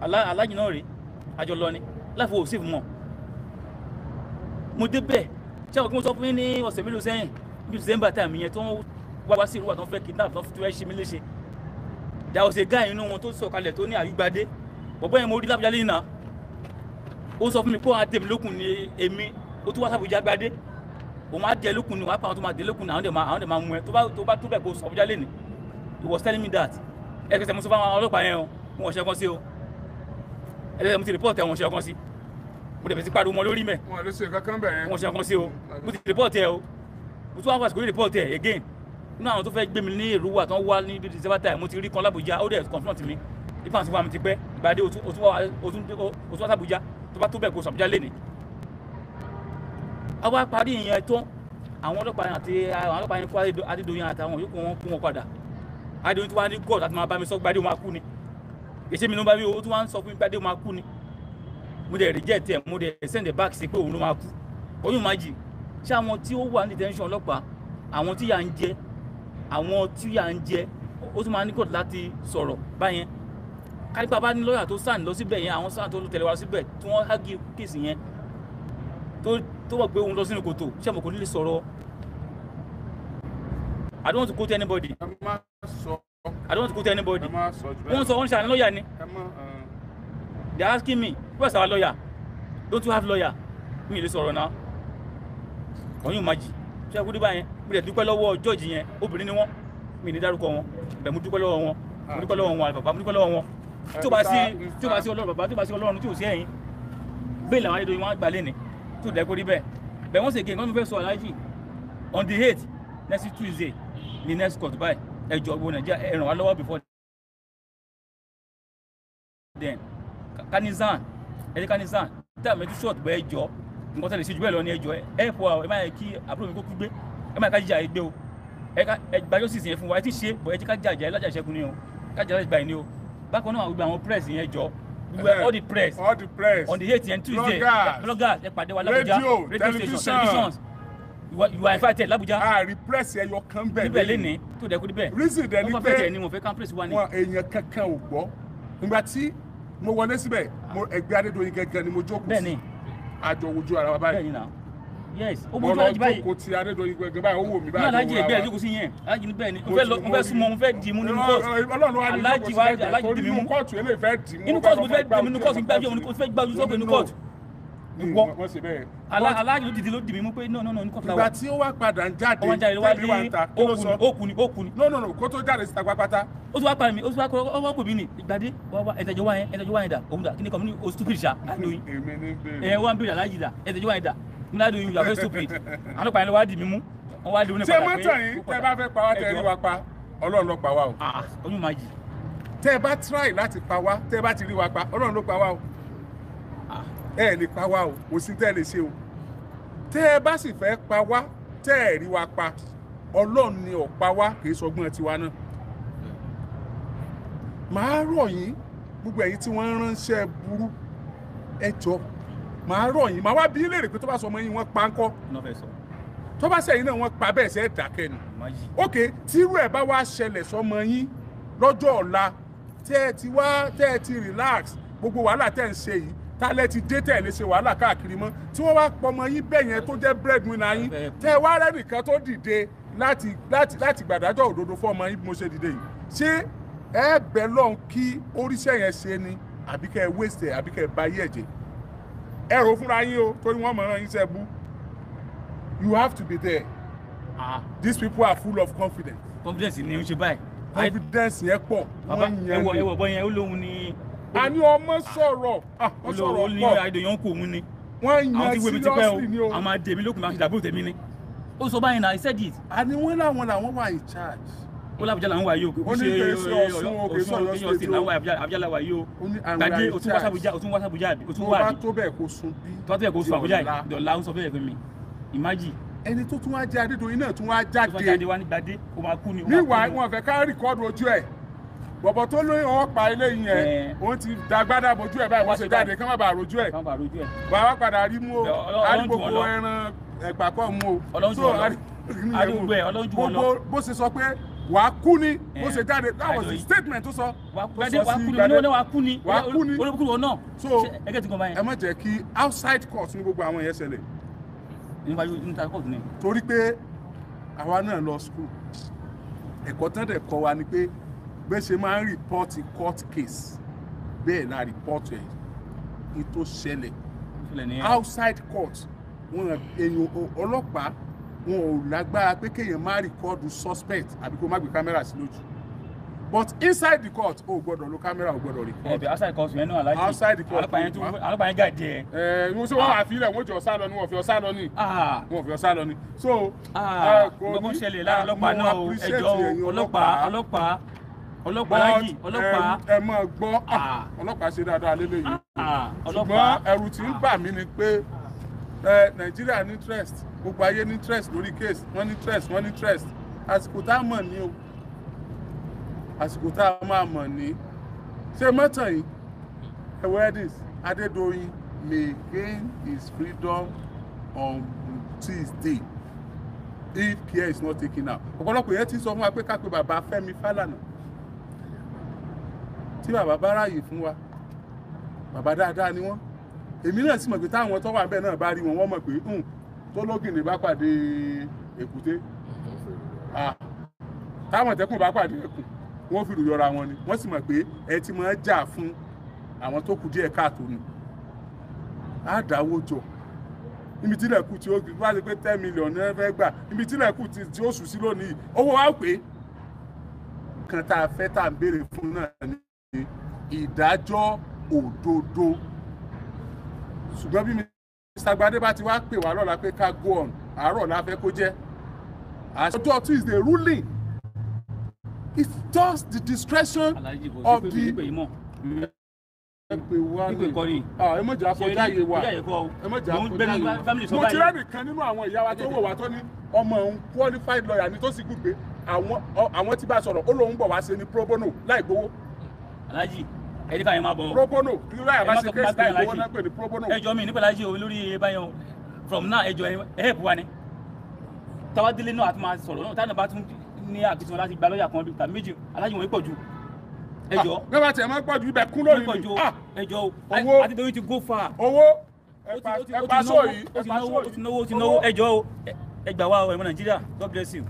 aláàjì náà rèé àjọ lọ ni láìfi ò sí ìmọ̀ mo débẹ̀ ṣé àwọn kí wọ́n sọ fún mi ní ọ̀sẹ̀ mélòó sẹ́yìn bí December time yẹn tó ń wá sí ìrúwà tó ń fẹ́ kidnap tó ń fi tó ẹ́ ṣe mí léṣe there was a guy inú wọn tó sọ̀kalẹ̀ tó ní àyùgbadé bọ̀bọ́ yẹn mo rí lábújá lẹ́yìn náà ó sọ fún mi pé òun á dé mi lókun ní èmi ó tún wá sábújá gbadé òun á dé lókun ní wàá pa àwọn tó máa dé lókun ní àwọn dẹ̀ máa mú ẹ tó bá tó bá tó bẹ̀ kó sọ̀bújá lẹ́ni he was telling me that ẹ̀ẹ́dẹ̀sẹ̀ mo sọ fún àwọn ọlọ́pàá yẹn o mo wọ̀ ṣẹ́kọ́ sí o ẹ̀ẹ́dẹ̀sẹ̀ mo ti rìpọ́ọ̀tì àwọn ṣẹ́kọ́ sí mo dẹ̀ bẹ̀ sí pariwo mọ́ lórí mẹ́ wọ́n ṣe nǹkan kan bẹ̀rẹ̀ wọ́n mo ti rìpọ́ọ̀tì ẹ o mo tún wá wá sìkò rí rìpọ́ọ̀tì ẹ again nínú àwọn tó fẹ́ gbé mi ní èrò wà tó ń wá ní december time mo ti rí kan l'Abuja ó dẹ̀ confront mi ipa àti wa mi ti pẹ́ ìbàdí òtún wá s'Abuja tó bá tó bẹ̀ kó s'Abuja lẹ́nìí. a wá parí ìyẹn tán àwọn ọlọ́pàá àti àwọn ọlọ́pàá yẹn kó Adédoyin àtàwọn yòókù wọn kú wọn padà Adédoyin tó wá ní god àti máa bá mi sọ gbadé wọn kú ni èsì mi ló bá mi owó tó wá ń sọ fún mi gbadé wọn kú ni mo dẹ̀ reject ẹ̀ mo dẹ̀ send it back sí pé òun ló máa kú oyún máa jì ṣé àwọn tí ó wà ní detention ọlọ́pàá àwọn tí yà ń jẹ àwọn tí à ń jẹ ó tún máa ní kóòtù láti sọ̀rọ̀ báyẹn kárípà bá ní lọ́yà tó sàn lọ síbẹ̀ yẹn àwọn sàn tó tẹ̀lé wa síbẹ̀ tí wọ́n hági kéèsì yẹn tó wọ́n gbé òun lọ sínú kòtò ṣé àmọ́ kò ní lè sọ̀rọ̀ I don't want to quote anybody I don't want to quote anybody wọ́n sọ wọ́n ṣe àná lọ́yà ni they are asking me where's our lawyer don't you have lawyer mi ì lè sọ̀rọ̀ náà can you imagine ṣé ẹ kú dé báyẹn mo dẹ̀ dúpẹ́ lọ́wọ́ jọ́ọ̀jì yẹn obìnrin ni wọ́n mi ní dárúkọ wọn bẹ̀ mo dúpẹ́ lọ́wọ́ wọn mo dúpẹ́ lọ́wọ́ wọn àbàbà mo dúpẹ́ lọ́wọ́ wọn tí o bá sí tí o bá sí ọlọ́run bàbá tí o bá sí ọlọ́run tí o sí ẹ̀yìn bẹ́ẹ̀ làwọn adédọ̀yìn wọn á gbà lẹ́ni tí o dẹ́kun rí bẹ́ẹ̀ bẹ́ẹ̀ wọ́n sì gé nǹkan tó fẹ́ sọ aláàjì on the eight next Tuesday ni next court báyìí ẹjọ́ gbogbo Nàìjíríà ẹ ràn wá lọ́wọ́ before then Kanizan ẹ̀rí Kanizan tí a short bẹ́ẹ̀ ẹjọ́ nǹkan tẹ̀lé sí jù bẹ́ẹ̀ lọ ní ẹjọ́ ẹ̀ ẹ̀ fọ ẹ̀ máa kí àbúrò mi kó kú ẹ máa ká jíjà yìí gbé o ẹ gba yóò sì sìn yẹn fún wa ẹ ti ṣe bọ̀ ẹ ti ká jà jà ẹ lájà ìṣẹ́gun ni o ká jà lájà ìní o bákan náà gbogbo àwọn press yẹn jọ we all the press all the press on the eight yẹn Tuesday bloggers ẹ pàdé wa l'Abuja radio television televisions you are invited l'Abuja. a repress ẹyọ kan bẹ́ẹ̀ lẹ́nu níbẹ̀ lẹ́nu tó dẹ́kun níbẹ̀ reason dẹ̀ ni pé wọ́n fẹ́ tẹ̀ ni wọ́n fẹ́ kan press wa ni. wọn èèyàn kankan ò gbọ́ nígbà tí
mo wọlé síbẹ̀ ẹgbẹ́ Adédoyin gẹ́gẹ́ ni mo jókòó sí àjọ ojú ara wa báyìí
yes ó bójú báyìí mo lọ
jókòó ti adédọyìn gbẹgbẹ báyìí ó wò báyìí alájí ẹgbẹ ẹ jókòó sí yẹn
alájí ní mo fẹ́ lọ mo fẹ́ súnmọ́ mo fẹ́ dì mú nínú kóòtù alájí wa alájí dì mí mú inú kóòtù mo fẹ́ dì mí nínú kóòtù gbájú òun mo fẹ́ gbájú sókè nínú kóòtù wọ alájí ló dìde ló dì mú pé no no no ní kóòtù la ìgbà tí ó wá padà ń jáde tẹ́lẹ̀ wá ta kí ló sọ okùn ni okùn ni. no no kó tó jáde síta pápátá. ó ti wá parí mi ó ti wá kọ́ ọwọ́ pè mí nì ìgbàdé wàá ẹ̀ẹ́dẹ̀jọ́ wáyẹn ẹ̀ẹ́dẹ̀jọ́ wáyẹn dà òun dà kí ni kọ́ mi ní o oh, stupid ṣá. èmi ní bèrè ẹ̀ dà ẹ̀ẹ́dẹ̀jọ́ wáyẹn dà you're do doing you are very stupid àwọn ọlọ́pàá yẹn lọ wá di mí mú wọ́n wá di oní padà pé ṣé mọ́tò yìí tẹ́ bá fẹ́ pa wá tẹ́ rí wa
pa ló pa wá o. Ah, oyún máa jì. tẹ́ bá try láti pa wá tẹ́ bá ti rí wa pa ọlọ́run ló pa wá o ah. ẹ lè pa wá o kò sí tẹ́ lè ṣe o tẹ́ ẹ bá sì fẹ́ pa wá tẹ́ ẹ rí wa pa ọlọ́run ni ó pa wá kì í sọgbọ́n tiwa náà màá rọ̀ yín gbogbo ẹ̀yin tí wọ́n ránṣẹ́ burú ẹ jọ̀ọ́ màá rọ̀ yín màá wá bí léèrè pé tó bá sọ ọmọ yín wọ́n pa ńkọ́ tó bá sẹ́yìn náà wọ́n pa bẹ́ẹ̀ sẹ́ dákẹ́ ni ok tírú ẹ̀ bá wá ṣẹlẹ̀ sọmọ yín lọ́jọ́ ọ̀la tẹ́ ẹ ti wá tẹ́ ẹ ti relax gbogbo wàhálà tẹ́ ẹ ń ṣe yìí tálẹ̀ ti dé tẹ̀ lè ṣe wàhálà káàkiri mọ́ tí wọ́n wá pọmọ yín bẹ́ẹ̀ yẹn tó jẹ́ breadwinner yín tẹ́ ẹ wá rẹ́ nìkan tó dìde láti láti láti gbàdájọ́ òdodo fọ́mọ yín bí mo ṣe dìde yìí ṣé ẹ bẹ̀ lọ́n kí oríṣẹ́ yẹn ṣe ni àbíkẹ́ waste àbíkẹ́ bayé ẹ̀jẹ̀ ẹ̀rọ fúnra yín o torí wọ́n mọ̀ràn yín sẹ́bú you have to be there ah. these people are full of confidence.
confidence ni o ṣe báyìí. confidence yẹn pọ̀ wọ́n yẹn ni. ẹwọ ẹwọ yẹn ó
lóhun ni. a ní ọmọ sọ̀rọ̀ ah, ọmọ sọ̀rọ̀ pọ̀. ó ní àìdè
yẹn ń kó òun ni. wọ́n yẹn seriously ni o. àwọn àti èmi lókun máa ṣe dàbí òtẹ̀mí ni.
ó sọ báyìí na i said it. àní wọ́n làwọn làwọn wà in charge
ó lábùjá là ń wà yìí o kò ṣe ọ̀ṣun òkèèyàn sì là ń wà àbújá là wà yìí o gàdé o tún wá sàbújá o tún wá sàbújá àbí o tún wá àbí. tó bẹ́ẹ̀ kó sun bí tó bẹ́ẹ̀ kó sun àbújá ìdọ̀la ó sọ bẹ́ẹ̀ fún mi ìmájì. ẹni tó tún wá jẹ Adédoyin náà tún wá jáde tó jáde wá ní gbadé o máa kú
ni. níwà wọn fẹ́ ká rìkọ́dù ojú ẹ̀ bọ̀bọ̀ tó lóyún ọwọ́ pa eléyìí yẹn òun ti dagbada bojú ẹ̀ báyìí wọ́n ṣe jáde kí wọ́n bá rojú ẹ̀ bàbá padà rí mú o àdìgbòkò ẹran ẹ̀pà kọ́ mú o. ọlọ́run jù wọn lọ àdìgbòkò ẹ̀ ọlọ́run jù wọn lọ. bó ṣe sọ pé wà á kú ni bó eh. ṣe jáde that was the statement tó sọ.
wà á kú ni wà
á kú ni oníwọ̀n wà á kú ni olókùn wọn náà. so ẹgẹ ti kàn báyẹn. ẹ má jẹ́ kí outside court ní gbogbo àwọn yẹn ṣẹlẹ̀. nípa yóò níta court ni. torí pé àwa náà lọ school ẹ̀kọ́ tán dẹ̀ kọ́ wa ni pé bẹ́ẹ̀ ṣe máa ń report court case bẹ́ẹ̀ la report ẹ̀ ní tó ṣẹlẹ̀ outside court wọn èèyàn ọlọ́pàá wọn ò lágbára pé kéèyàn má rìkọ́ọ̀dù suspect àbí kó má gbé kámẹ́rà sí lójú but inside the court o gbọ́dọ̀ lo camera o gbọ́dọ̀ record. ẹbí outside
court yẹn náà alájí outside the court alùpàyẹn tún alùpàyẹn gà díẹ̀. ẹ ẹ ṣé wọn wà fílẹ̀ wọn jọ ọsá lọ ni wọn fi ọsá lọ ni ah. wọn fi ọsá lọ ni so. Ah, gbogbo ṣẹlẹ̀ lára ọlọ́pàá náà o ẹjọ́ ọlọ́pàá
ọlọ́pàá ọlọ́pàá láyì ọlọ́pàá. ẹ mọ gbọ́ ah, ọlọ́pàá ṣe dáadáa lélẹ́yìn ṣùgbọ́n ẹ̀rù tí ń bà mí ni pé Nàìjíríà ní interest gbogbo ayé ní interest lórí case wọ́n ní interest wọ́n ní interest àsìkò tá a mọ̀ ní o àsìkò tá a máa mọ̀ ní ṣé mọ́tàn yìí awareness Adédoyin may gain his freedom on Tuesday if care is not taken out ọ̀pọ̀lọpọ̀ yẹn ti sọ fún wa pé ká pe bàbá Fẹ́mi Fálànà tí bàbá bá ráàyè fún wa bàbá dáadáa ni wọ́n èmi náà sì mọ̀ pé táwọn tó wà bẹ́ẹ̀ náà bá rí wọn wọ́n mọ̀ pé hmm, tólógìnì bá pàdé èkúté táwọn tẹkùn bá pàdé ẹkùn wọ́n fi lùyọra wọn ni wọ́n sì mọ̀ pé ẹ ti máa jà fún àwọn tó kù díẹ̀ káàtó ni á dáwó jọ ibi tí ilẹ̀kùn tí ó wá sí pé ten million náírà fẹ́ gbà ibi tí ilẹ̀kùn tí ó sùn sí lónìí owó wa pé kan tá a fẹ́ tá a ń béèrè fún náà ni ìdájọ́ òdodo ṣùgbọ́n bí mi Mr. bá ti wá pè wá lọ́la pé ká go on àárọ̀ la fẹ́ kó jẹ́ àjọ Tuesday ruling it's just the discretion of the pé wá ní ah, ẹ mọ̀ jà fọjá yé wa ẹ mọ̀ jà fọjá yé wa mo ti rẹ́ nìkan nínú àwọn ìyá wa tó wò wá tó ní ọmọ òun qualified lawyer ni tó sì gùn pé àwọn tí bá sọ̀rọ̀ ó lóun bọ̀ wá ṣe ni pro bono láì gbowó.
Alhaji ẹ ní káyọ̀ máa bọ̀. pro bono irú àyàbá ṣe kéésì náà ìfowó náà pè ní pro bono. ẹjọ́ mi nípa láyé olórí báyọ̀ from now ẹjọ́ help wa ni táwa délé náà àti máa sọ̀rọ̀ náà táwọn bá tún ní àgbẹ̀sán láti gba lọ́yà kan tàbí méjì alájì wọ̀nyí pọ̀ ju ẹjọ́. gbẹ́bà ah, tiẹ̀ máa ń pọ̀ ju ibẹ̀ kún lórí mi ah, ẹjọ́ owó àti torí ti go far. owó ẹ̀pà sóòyì ẹ̀pà sóòyì owó ẹ̀jọ́ ẹgbàá wa ọmọ Nàìjíríà God bless you.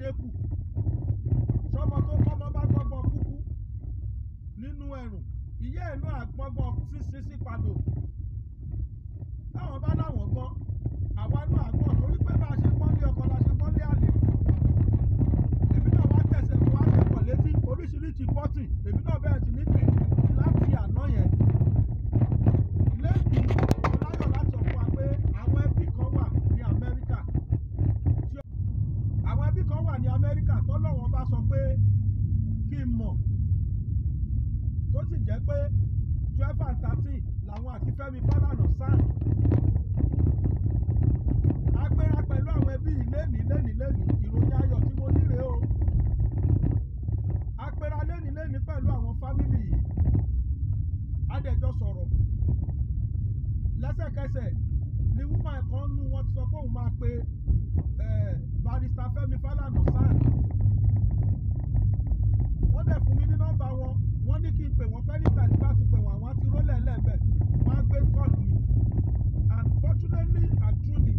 Все бух. and thirteen làwọn àti Fẹ́mi Fálànà sáàn agbéra pẹ̀lú àwọn ẹbí yìí lẹ́nìí lẹ́nìí lẹ́nìí ìròyìn ayọ̀ tí mo ní rèé o agbéra lẹ́nìí lẹ́nìí pẹ̀lú àwọn fámìlì yìí adẹ̀jọ́ sọ̀rọ̀ lẹ́sẹ̀kẹsẹ̀ ni wúmà kan nu wọn ti sọ pé òun máa pe barista Fẹ́mi Fálànà sáàn wọ́n dẹ̀ fún mi ní nọ́mbà wọn wọ́n ní kí n pè wọ́n pẹ́ níta tí bá ti pè wọ́n àwọn ti rólẹ̀ lẹ́ẹ̀bẹ̀ wọ́n á gbé kọ́ọ̀lù mi unfortunately and truly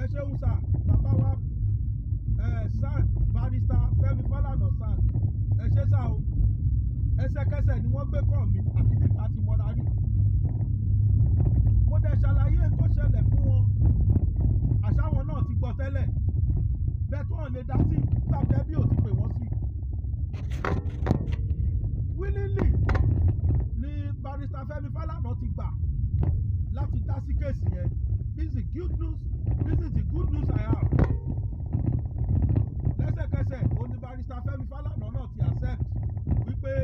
ẹ ṣeun sá bàbá wa san barrister Fẹ́mi Fálànà san ẹ ṣe sá o ẹsẹ̀kẹsẹ̀ ni wọ́n gbé kọ́ọ̀ mi àti bí ìfà ti mọ́ra rí mo dẹ̀ ṣàlàyé tó ṣẹlẹ̀ fún wọn àṣà wọn náà ti gbọ́ tẹ́lẹ̀ bẹ́ẹ̀ tó hàn lè dá sí tàbí ẹbí ò ti pè wọ́n sí i. Willingly, ni barrister Fẹ́mi Fálànà ti gbà láti dá sí kéèsì yẹn this is good news this is the good news I have lẹ́sẹ̀kẹsẹ̀ òní barrister Fẹ́mi Fálànà náà ti accept wípé.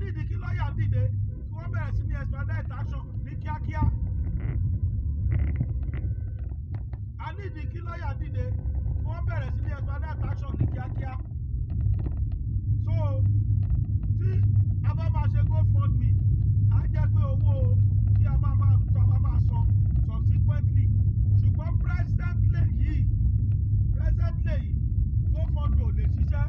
nídìí kí lọ́ọ̀yà dìde kí wọ́n bẹ̀rẹ̀ sí ní expedite action ní kíákíá a nídìí kí lọ́ọ̀yà dìde kí wọ́n bẹ̀rẹ̀ sí ní expedite action ní kíákíá so tí a bá máa ṣe GoFundMe á jẹ́ pé owó tí a máa máa tó a máa máa san subsequently ṣùgbọ́n presently yìí presently GoFundMe ò lè ṣiṣẹ́.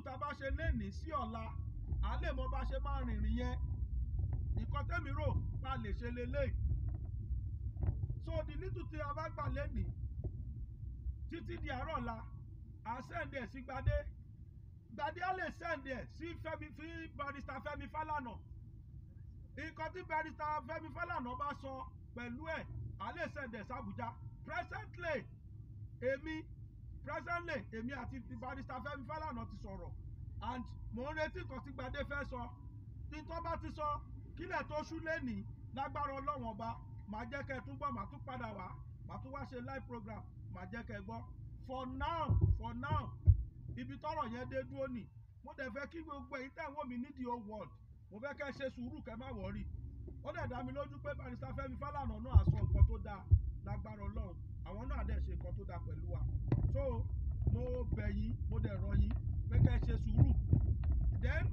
sùúrù tá bá ṣe lénìí sí ọ̀la a lè mọ bá ṣe máa rìnrìn yẹn nǹkan tẹ́mi rò pa lè ṣe leléyìí so the little tí a bá gbà lénìí títí di àárọ̀ la a send ẹ̀ sí gbadé gbadé a lè send ẹ̀ sí fẹ́mi sí barista fẹ́mi fálànà nǹkan tí barista fẹ́mi fálànà bá sọ pẹ̀lú ẹ̀ a lè send ẹ̀ sí Àbújá presently èmi presently èmi àti barista Fẹ́mi Fálànà ti sọ̀rọ̀ and mò ń retí nǹkan tí Gbadé fẹ́ sọ títọ́ bá ti sọ kílẹ̀ tó ṣú lẹ́nì lágbára Ọlọ́run ọba màá jẹ́ kẹ́ ẹ tún màá tún padà wá màá tún wá ṣe live program màá jẹ́ kẹ́ ẹ gbọ́ for now for now ibi tọ́rọ̀ yẹn dé dúró nì mo dẹ̀ fẹ́ kí gbogbo èyí tẹ̀ wọ́n mi ní the whole world mo fẹ́ kẹ́ ẹ ṣe sùúrù kẹ́ má wọ̀ọ́rì ó dẹ̀ dá mi lójú pé barista Fẹ́mi Fálànà náà á sọ nǹkan tó dáa lágbára Ọlọ́run àwọn náà dẹ̀ ṣe nǹkan tó dáa pẹ̀lú wa so mo bẹ̀ yín mo dẹ̀ rọ̀ yín pé kẹ́ ṣe sùúrù then